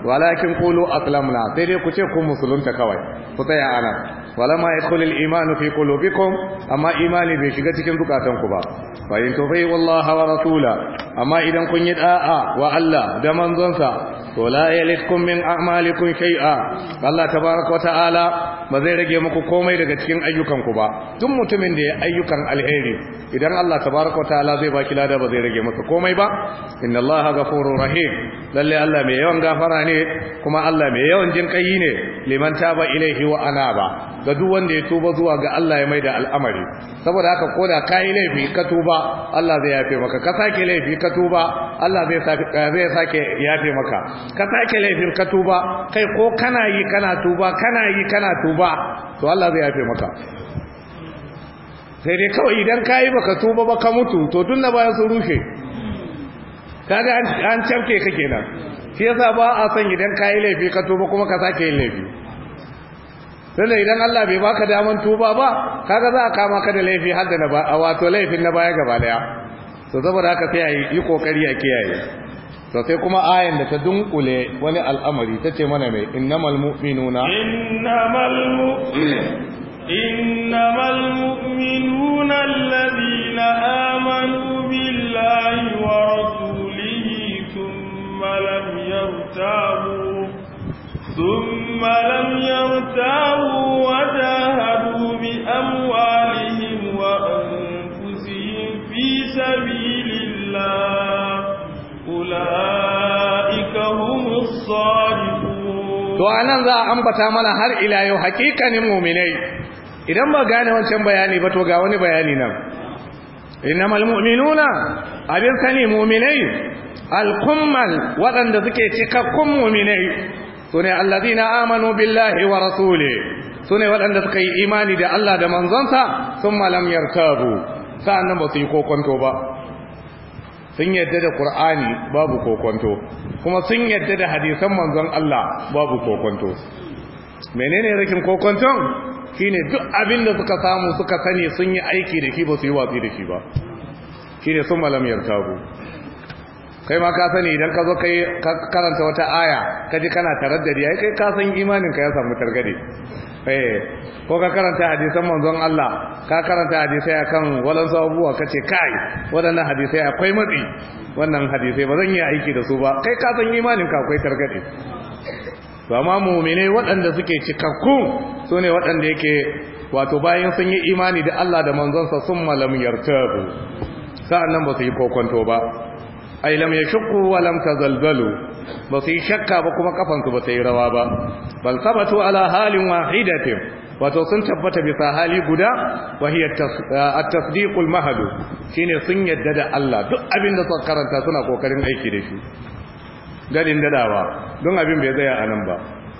walakin qulu aslamna sai dai ku ce kun musulunta kawai ku tsaya ana walamma yadkhulul imanu fi qulubikum amma imani bai shiga cikin zukatanku ba fa in tufi wallahi wa rasula amma idan kun yi da'a wa Allah da manzonsa to la yalitkum min a'malikum shay'a Allah tabaaraka wa ta'ala ba zai rage muku komai daga cikin ayyukanku ba tun mutumin da ya ayyukan alheri idan Allah tabaraka wataala zai baki lada ba zai rage masa komai ba inna Allah ghafurur rahim lalle Allah mai yawan gafara ne kuma Allah mai yawan jinkai ne liman taba ilaihi wa anaba ga duk wanda ya tuba zuwa ga Allah ya maida al'amari saboda haka koda yi laifi ka tuba Allah zai yafe maka ka sake laifi ka tuba Allah zai sake zai sake yafe maka ka sake laifin ka tuba kai ko kana yi kana tuba kana yi kana tuba to Allah zai yafe maka sai dai kawai idan ka yi baka tuba ba ka mutu to tunda bayan su rushe kaga an cafke ka kenan shi yasa ba a son idan ka yi laifi ka tuba kuma ka sake yin laifi da idan Allah bai baka daman tuba ba kaga za a kama ka da laifi har da wato laifin na baya gaba daya to saboda haka sai a yi kokari a kiyaye to sai kuma ayan da ta dunkule wani al'amari ta ce mana mai innamal mu'minuna innamal mu'minuna wa يرتابوا ثم لم يرتابوا وجاهدوا بأموالهم وأنفسهم في سبيل الله أولئك هم الصادقون to anan za a ambata mana har ila yau hakikanin muminai idan ba gane wancan bayani ba to ga wani bayani nan إنما mu'minuna abin sani mu'minai alkummal waɗanda suke cikakkun mu'minai سنة الذين amanu billahi wa rasuli sune waɗanda suka yi imani da Allah da manzonsa sun malam yarkabu sa'annan ba sun yadda da Qur'ani babu kokonto kuma sun yadda da hadisan manzon Allah babu kokonto menene rikin kokonton shine duk abin da suka samu suka sani sun yi aiki da shi ba su yi watsi da shi ba shine sun malam yartabu kai ma ka sani idan ka zo kai karanta wata aya ka ji kana taraddadi ai kai ka san imanin ka ya samu targade eh ko ka karanta hadisan manzon Allah ka karanta hadisai akan walan sabuwa kace kai wadannan hadisai akwai matsi wannan hadisai ba zan yi aiki da su ba kai ka san imanin ka akwai targade to amma mu'mine waɗanda suke cikakku su ne waɗanda yake wato bayan sun yi imani da Allah da manzonsa sun malam yartabu nan ba su yi kokonto ba ai lam yashqu wa lam tazalzalu ba su yi shakka ba kuma kafansu ba su yi rawa ba bal sabatu ala halin wahidatin wato sun tabbata bisa hali guda wa hiya at-tasdiqul mahdud shine sun yadda da Allah duk abin da suka karanta suna kokarin aiki da shi gadin dadawa don abin bai tsaya a ba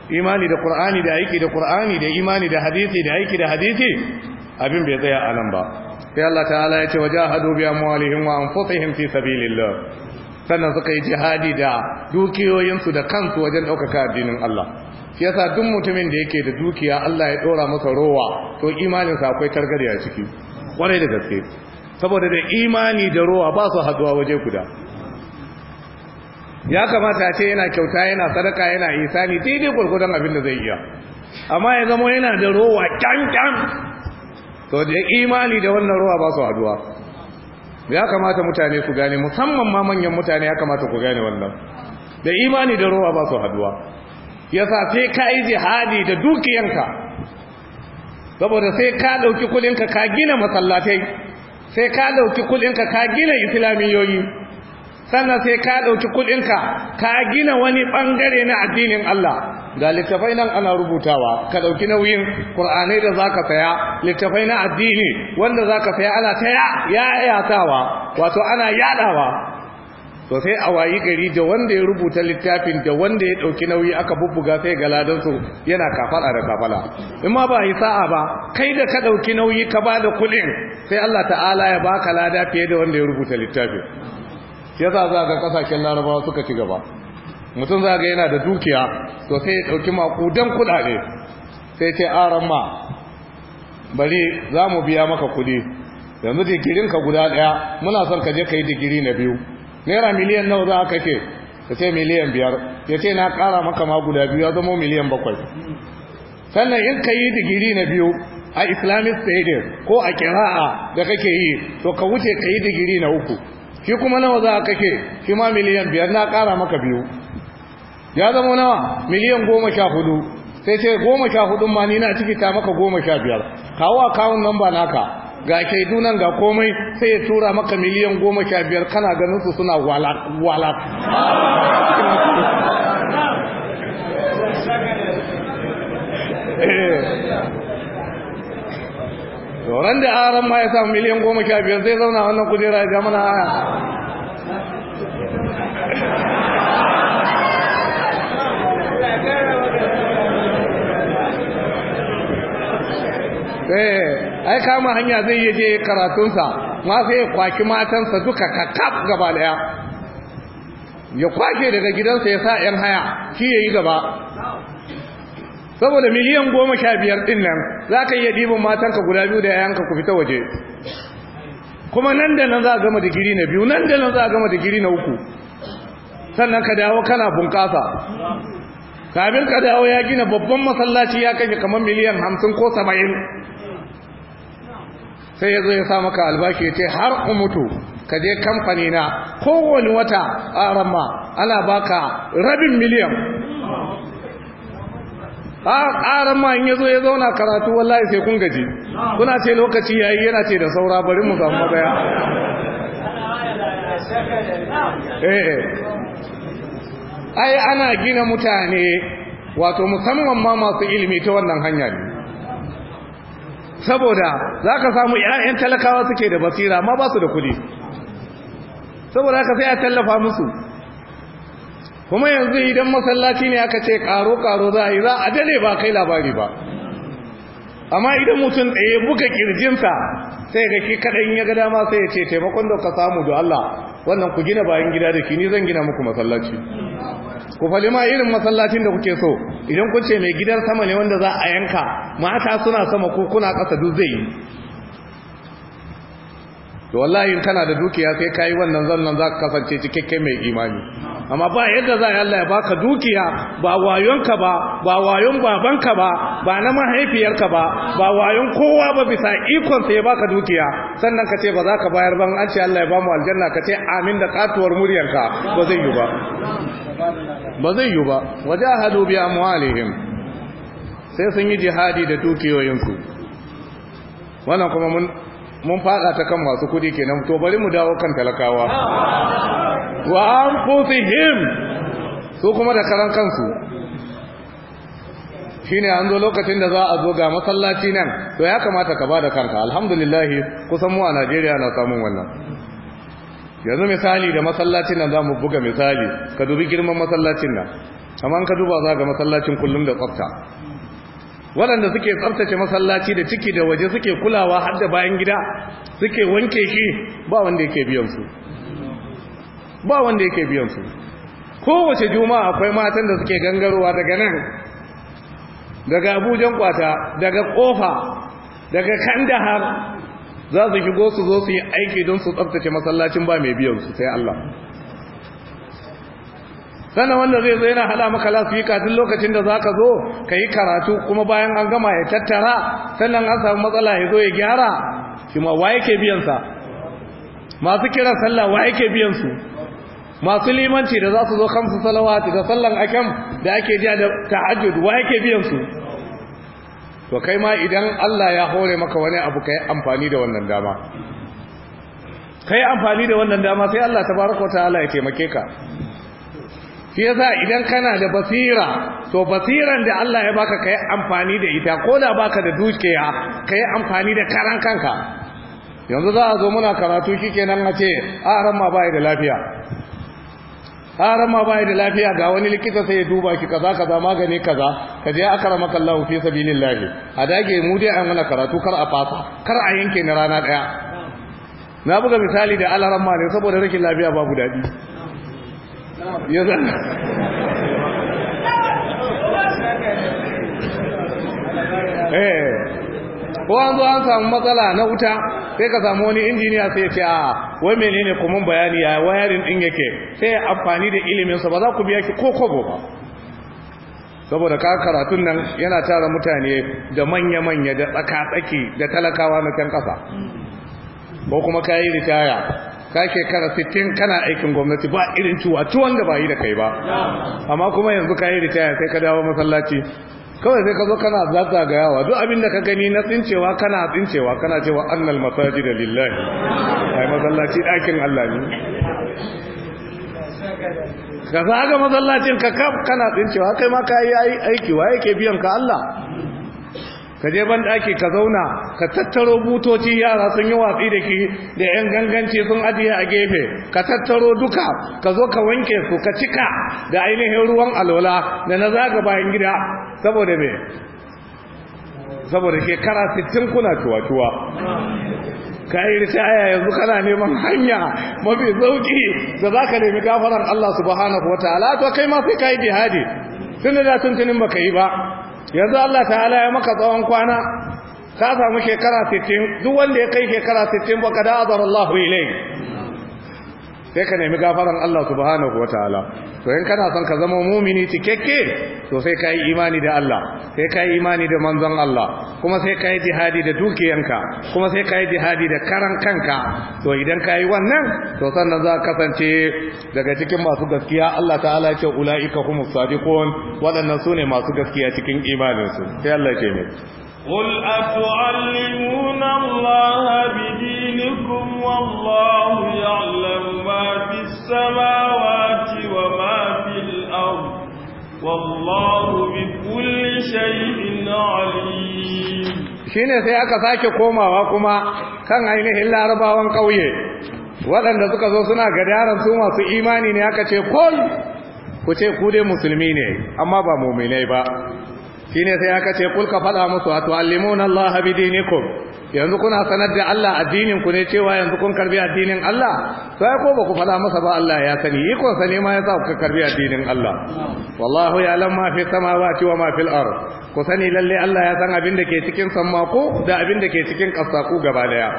imani da qur'ani da aiki da qur'ani da imani da hadisi da aiki da hadisi abin bai tsaya a nan ba sai Allah ta'ala ya ce wajahadu bi amwalihim wa anfusihim fi sabilillah sannan suka yi jihadi da dukiyoyinsu da kansu wajen ɗaukaka addinin Allah shi yasa duk mutumin da yake da dukiya Allah ya ɗora masa rowa to imaninsa akwai targade a ciki kwarai da gaske saboda da imani da rowa ba su haduwa waje guda ya kamata a ce yana kyauta yana sadaka yana isani daidai gwargwadon abin da zai iya amma ya zama yana da rowa kyankyan to da imani da wannan rowa ba su haduwa ya kamata mutane su gane musamman ma manyan mutane ya kamata ku gane wannan da imani da rowa ba su haduwa sa, sai ka yi jihadi da dukiyanka saboda sai ka ɗauki kulinka ka gina masallatai sai ka ɗauki kulinka ka gina islamiyoyi sannan sai ka ɗauki kuɗinka ka gina wani ɓangare na addinin Allah ga littafai nan ana rubutawa ka ɗauki nauyin ƙur'anai da za ka saya littafai na addini wanda za ka saya ana ta yayatawa wato ana yaɗawa to sai a wayi gari da wanda ya rubuta littafin da wanda ya ɗauki nauyi aka bubbuga sai ga ladansu yana kafala da kafala in ma ba sa'a ba kai da ka ɗauki nauyi ka ba da kuɗin sai Allah ta'ala ya baka lada fiye da wanda ya rubuta littafin ya za za ga kasashen larabawa suka ci gaba mutum za ga yana da dukiya to sai ya ɗauki makudan kuɗaɗe sai ce aran ma bari za mu biya maka kuɗi yanzu digirin ka guda daya muna son ka je ka yi digiri na biyu naira miliyan nawa za ka ke ta ce miliyan biyar ya ce na kara maka ma guda biyu ya zama miliyan bakwai sannan in ka yi digiri na biyu a islamic stadium ko a kira'a da kake yi to ka wuce ka yi digiri na uku shi kuma nawa za a kake shi ma miliyan biyar na ƙara maka biyu ya zama nawa miliyan goma sha hudu sai ce goma sha hudun ma ni na ciki ta maka goma sha biyar kawo akawun nan ba naka ga shaidu nan ga komai sai ya tura maka miliyan goma sha biyar kana ganin su suna wala ran da aron ma ya samu miliyan goma sha biyar zai zauna wannan kujera ya mana haya. eh ai kama hanya zai yi je karatunsa ma sai ya kwaki matansa duka kakaf gaba daya ya kwake daga gidansa ya sa yan haya shi yayi gaba saboda miliyan goma sha biyar ɗin nan za ka iya ɗibin matanka guda biyu da yayanka ku fita waje kuma nan da nan za a gama digiri na biyu nan da nan za a gama digiri na uku sannan ka dawo kana bunƙasa kafin ka dawo ya gina babban masallaci ya kashe kamar miliyan hamsin ko saba'in sai ya zo ya sa maka albashi ya ce har umutu ka je kamfani na kowane wata a ramma ana baka rabin miliyan a ƙaran ma in ya zo ya zauna karatu wallahi sai kun gaji kuna ce lokaci ya yi yana ce da saura bari mu samu matsaya eh. ai ana gina mutane wato musamman ma masu ilimi ta wannan hanya ne saboda za ka samu 'ya'yan talakawa suke da basira amma ba su da kudi saboda ka sai a tallafa musu kuma yanzu idan masallaci ne aka ce karo-karo za a yi za a dade ba kai labari ba amma idan mutum tsaye buga ƙirjinsa, sai ga kaɗan ya ga dama sai ya ce taimakon da ka samu da Allah wannan ku gina bayan gida da kini zan gina muku masallaci ku fali ma irin masallacin da kuke so idan kun ce mai gidan sama ne wanda za a yanka mata suna sama ko kuna ƙasa duk zai yi to wallahi kana da dukiya sai kayi wannan zannan za ka kasance cikakken mai imani amma ba yadda za a Allah ya baka dukiya ba wayonka ba ba wayon babanka ba ba na mahaifiyarka ba ba wayon kowa ba bisa ikon sai ya baka dukiya sannan ka ce ba za ka bayar ban an ce Allah ya bamu aljanna ka ce amin da katuwar muryarka ba zai yi ba ba zai yi ba wajahadu bi amwalihim sai sun yi jihadi da dukiyoyinsu wannan kuma mun fada ta kan masu kudi kenan to bari mu dawo kan talakawa wa anfusihim su kuma da karan kansu shine an zo lokacin da za a zo ga masallaci nan to ya kamata ka bada kanka alhamdulillah kusan mu a Najeriya na samun wannan yanzu misali da masallacin nan zamu buga misali ka dubi girman masallacin nan amma ka duba za ga masallacin kullum da tsafta waɗanda suke tsabtace masallaci da ciki da waje suke kulawa har da bayan gida suke wanke shi ba wanda yake biyan su ba wanda yake biyan su kowace juma'a akwai matan da suke gangarowa daga nan daga abujan kwata daga kofa daga kandahar za su shigo su zo su yi aiki don su tsabtace masallacin ba mai biyan su sai Allah sannan wanda zai zo yana hada maka lasifika duk lokacin da za ka zo ka yi karatu kuma bayan an gama ya tattara sannan an samu matsala ya zo ya gyara shi ma wa yake biyan sa masu kira sallah wa yake biyan su masu limanci da za su zo kamsu salawati da sallan akam da ake jiya da ta'ajjud wa yake biyan su to kai ma idan Allah ya hore maka wani abu kai amfani da wannan dama kai amfani da wannan dama sai Allah tabaraka ta'ala ya taimake ka shi yasa idan kana da basira to basiran da Allah ya baka kai amfani da ita ko da baka da dukiya kai amfani da karan kanka yanzu za a zo muna karatu shikenan a ce ran ma bai da lafiya ran ma bai da lafiya ga wani likita sai ya duba ki kaza kaza magani kaza ka je akramaka Allah fi sabilillah a dage mu dai an muna karatu kar a fasa kar a yanke ni rana daya na buga misali da alaran ma ne saboda rashin lafiya babu dadi Eh, ko an zo an samu matsala na wuta sai ka samu wani injiniya sai ce a ah, wai menene kuma bayani ya wayarin din yake sai ya amfani da iliminsa ba za ku biya ki ko kogo ba saboda ka karatun nan yana tara mutane da manya manya da tsaka tsaki da talakawa na kan kasa ko kuma ka yi ritaya ka shekara 60 kana aikin gwamnati ba irin tuwan da ba yi da kai ba amma kuma yanzu ka yi ritaya sai ka dawo masallaci kawai sai ka zo kana zata ga yawa duk abin da ka gani na tsincewa kana tsincewa kana cewa annal masajida lillahi ai masallaci ɗakin Allah ne ka zaga masallacin ka kaf kana tsincewa kai ma ka yi aiki wa yake biyan ka Allah ka je ban daki ka zauna ka tattaro butoci yara sun yi watsi da ki da yan ganganci sun ajiye a gefe ka tattaro duka ka zo ka wanke su ka cika da ainihin ruwan alola da na zaga bayan gida saboda me saboda ke kara sittin kuna tuwa-tuwa ka yi aya yanzu kana neman hanya mafi sauki da za ka nemi gafaran Allah subhanahu wa ta'ala to kai ma sai ka yi jihadi tun da tuntunin ka yi ba yanzu Allah ta'ala ya maka tsawon kwana ka samu shekara 60 duk wanda ya kai shekara 60 baka da azar ilai sai ka nemi gafaran Allah subhanahu Ta'ala. to in kana son ka zama mumini cikakke to sai ka imani da Allah sai ka imani da manzon Allah kuma sai ka jihadi da dukiyanka kuma sai ka jihadi da karan kanka to idan ka yi wannan to sannan za ka kasance daga cikin masu gaskiya Allah ta'ala ya ce ulaiika humus sadiqun waɗannan sune masu gaskiya cikin imaninsu sai Allah ya ce mai قل أتعلمون الله بدينكم والله يعلم ما في السماوات وما في الأرض والله بكل شيء عليم shine sai aka sake komawa kuma kan ainihin larabawan ƙauye waɗanda suka zo suna gadaran su masu imani ne aka ce kol ku ce ku dai musulmi ne amma ba muminai ba shine sai aka ce kul ka fada musu atuallimuna allaha bidinikum yanzu kuna sanar da Allah addinin ku ne cewa yanzu kun karbi addinin Allah sai ko baku fada masa ba Allah ya sani iko Sani ma ma yasa kuka karbi addinin Allah wallahu ya'lam ma fi samawati wa ma fil ard ku sani lalle Allah ya san abin da ke cikin sammako da abin da ke cikin kasaku gaba daya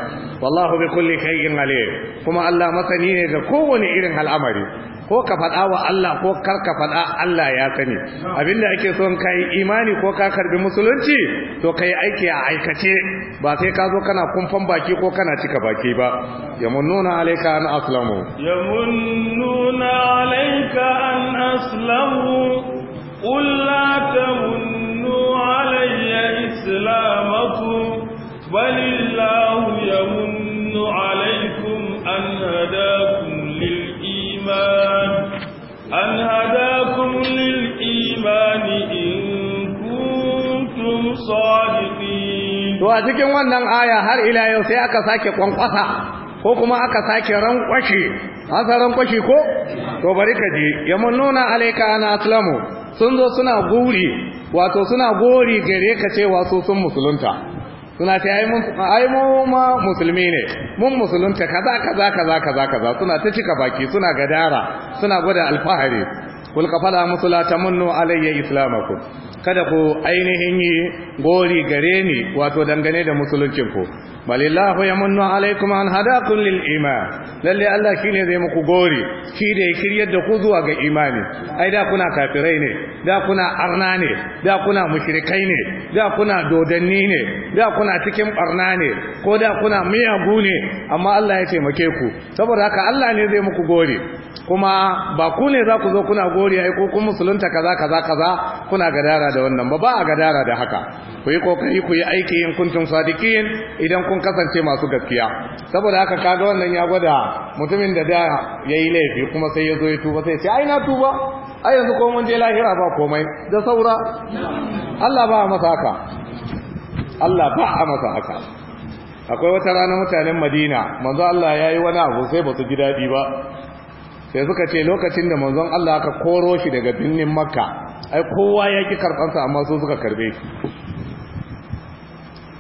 wallahu bi kulli shay'in alim kuma Allah masani ne ga kowane irin al'amari ko ka faɗa wa Allah ko kar ka faɗa Allah ya sani abinda ake son kai imani ko ka karbi musulunci to kai aiki a aikace ba sai ka ka zo kana kumfan baki ko kana cika baki ba yamununa alayka an aslamu yamununa alayka an aslamu qul la tamunnu alayya islamakum yamunnu alaykum an hadakum lil iman an to a cikin wannan aya har ila yau sai aka sake kwankwasa ko kuma aka sake rankwashi an sa rankwashi ko to bari ka je mun nuna alayka ana aslamu sun zo suna guri wato suna gori gare ka ce wato sun musulunta suna ta ai ma musulmi ne mun musulunta kaza kaza kaza kaza kaza suna ta cika baki suna gadara suna gwada alfahari kul kafala musulata mun nuna alayya islamakum kada ku ainihin yi gori gare ni wato dangane da musuluncinku balillahu yamunnu alaikum an hadakum lil iman lalle Allah shine zai muku gori shi da ya kiryar da ku zuwa ga imani ai da kuna kafirai ne da kuna arna ne da kuna mushrikai ne da kuna dodanni ne da kuna cikin barna ne ko da kuna miyagu ne amma Allah ya taimake ku saboda haka Allah ne zai muku gori kuma ba ku ne za ku zo kuna gori ai ko kun musulunta kaza kaza kaza kuna gadara da wannan ba ba a gadara da haka ku yi kokari ku yi aiki in kuntum sadiqin idan kun kun kasance masu gaskiya saboda haka kaga wannan ya gwada mutumin da da yayi laifi kuma sai ya zo ya tuba sai ya ce ai na tuba ai yanzu ko mun je lahira ba komai da saura Allah ba a masa haka Allah ba a masa haka akwai wata rana mutanen Madina manzo Allah yayi wani abu sai ba su ji dadi ba sai suka ce lokacin da manzon Allah aka koro shi daga binnin Makka ai kowa ya ki sa amma su suka karbe shi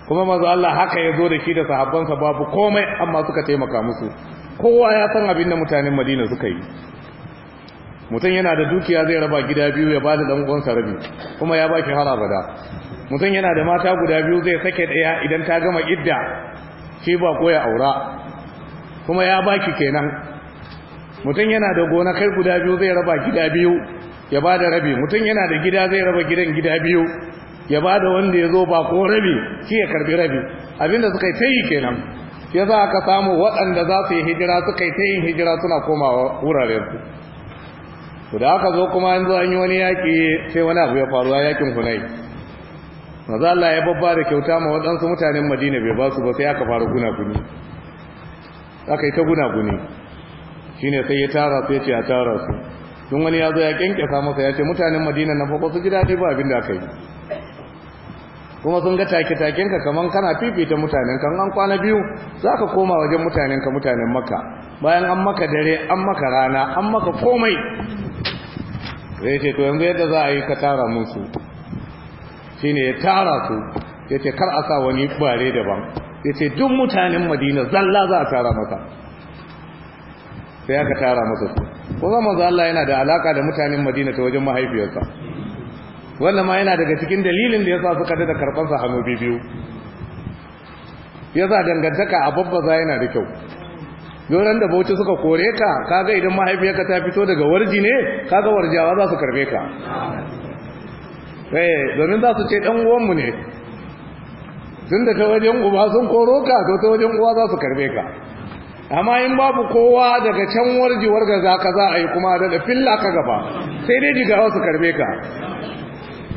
kuma mazu Allah haka ya zo da shi da sahabbansa babu komai amma suka taimaka musu kowa ya san abin da mutanen Madina suka yi mutum yana da dukiya zai raba gida biyu ya bada dan uwansa rabi kuma ya baki har abada mutum yana da mata guda biyu zai sake ɗaya idan ta gama idda shi ba ko ya aura kuma ya baki kenan mutum yana da gona kai guda biyu zai raba gida biyu ya bada rabi mutum yana da gida zai raba gidan gida biyu ya ba da wanda ya zo ba ko rabi shi ya karbi rabi abinda suka yi ta yi kenan ya za ka samu waɗanda za su yi hijira suka yi ta yin hijira suna komawa wurarensu ku da aka zo kuma an zo an yi wani yaƙi sai wani abu ya faru a yaƙin hunai maza Allah ya babba da kyauta ma waɗansu mutanen madina bai ba su ba sai aka fara gunaguni aka yi ta gunaguni shi ne sai ya tara su ya ce a tara su tun wani ya zo ya kyankyasa masa ya ce mutanen madina na farko su ji daɗi ba abin da aka yi kuma sun ga take-taken ka kaman kana fifita mutanen kan an kwana biyu za ka koma wajen mutanen ka mutanen maka bayan an maka dare an maka rana an maka komai Ya ce to yanzu yadda za a yi ka tara musu shi ne ya tara su Ya ce kar a sa wani bare daban Ya ce duk mutanen Madina zalla za a tara maka sai aka tara masu su ko zama Allah yana da alaka da mutanen Madina ta wajen mahaifiyarsa wannan ma yana daga cikin dalilin da ya sa suka dada karɓar sa hannu biyu Ya sa dangantaka a babbaza yana da kyau yoran da bauchi suka kore ka kaga idan mahaifiyarka ta fito daga warji ne kaga warjawa za su karbe ka eh domin za su ce dan uwanmu ne tun da ta wajen uba sun koro ka to ta wajen uwa za su karbe ka amma in babu kowa daga can warjiwar ga za ka za a yi kuma da filla ka gaba sai dai jigawa su karbe ka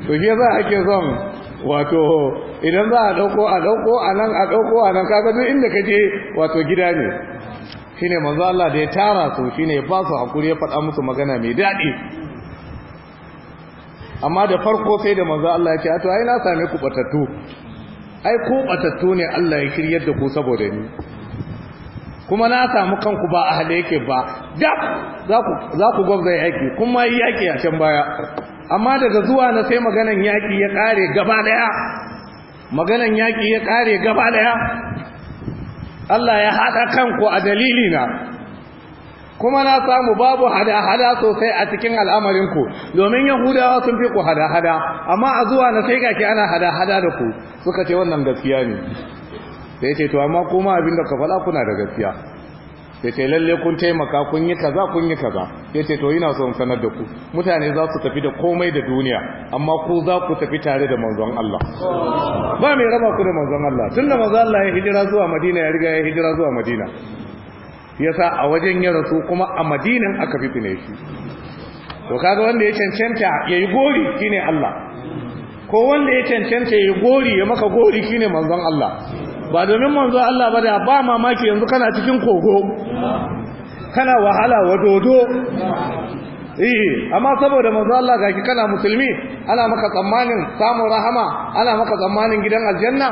to shi yasa ake son wato idan za a dauko a dauko a nan a dauko a nan kaga duk inda kaje wato gida ne shine manzo Allah da ya tara su shine ya basu hakuri ya faɗa musu magana mai daɗi amma da farko sai da manzo Allah ya ce to ai na same ku batattu ai ku batattu ne Allah ya kiryar da ku saboda ni kuma na samu kanku ba a hada yake ba da za ku za ku yaki kuma yaki a can baya amma daga zuwa na sai maganan yaƙi ya ƙare gaba ɗaya maganan yaƙi ya ƙare gaba ɗaya Allah ya haɗa kanku a dalilina kuma na samu babu hada-hada sosai a cikin al'amarinku domin yahudawa sun fi ku hada-hada amma a zuwa na sai gaki ana hada-hada da ku suka ce wannan gaskiya ne sai ce to amma kuma abin da ka kuna da gaskiya ya ce lalle kun taimaka kun yi kaza kun yi kaza ya ce to ina son sanar da ku mutane za su tafi da komai da duniya amma ku za ku tafi tare da manzon Allah ba mai raba ku da manzon Allah tun da manzon Allah ya hijira zuwa Madina ya riga ya hijira zuwa Madina yasa a wajen ya rasu kuma a Madinan aka fi shi to kaga wanda ya cancanta yayi gori shine Allah ko wanda ya cancanta yayi gori ya maka gori shine manzon Allah ba domin manzo Allah ba da ba mamaki yanzu kana cikin kogo kana wahala wadodo eh amma saboda manzo Allah gaki kana musulmi ana maka tsammanin samun rahama ana maka tsammanin gidan aljanna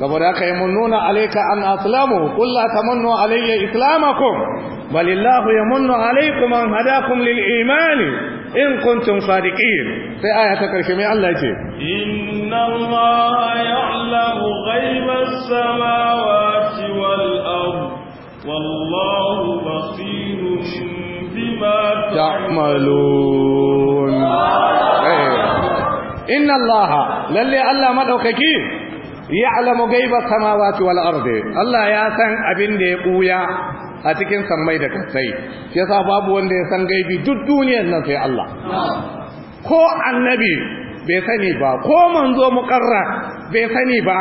saboda haka yamunnuna alayka an aslamu qul la tamannu alayya islamakum balillahu yamunnu alaykum an hadakum lil imani in kuntum sadiqin sai aya ta karshe mai Allah ce inna allaha ya'lamu ghaibas samawati wal ard wallahu basirun bima ta'malun inna lalle Allah madaukaki ya'lamu ghaibas samawati wal ard Allah ya san abin da ya buya a cikin sammai da kasai shi yasa babu wanda ya san gaibi duk duniyar nan sai Allah ko annabi bai sani ba ko manzo muqarra bai sani ba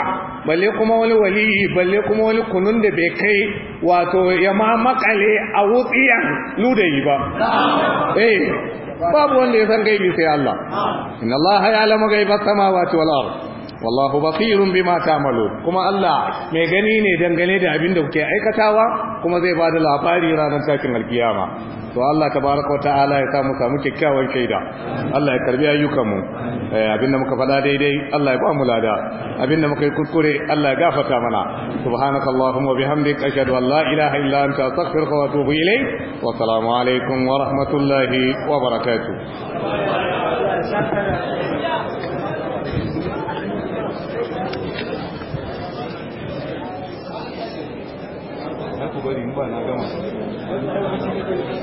balle kuma wani waliyi balle kuma wani kunun da bai kai wato ya ma makale a da ludayi ba eh babu wanda ya san gaibi sai Allah inna Allah ya alama samawati wal ardh wallahu basirun bima ta'malun kuma Allah mai gani ne dangane da abin da kuke aikatawa kuma zai bada labari ranar takin alkiyama to Allah tabaraka wa ta'ala ya samu samu kyakkyawan shaida Allah ya karbi ayyukan mu eh, da muka faɗa daidai Allah ya ba mu lada abinda muka yi kuskure Allah ya gafarta mana subhanaka allahumma wa bihamdika ashhadu an la ilaha illa anta astaghfiruka wa atubu ilayk wa assalamu alaikum wa rahmatullahi wa barakatuh 桂林过来的吗？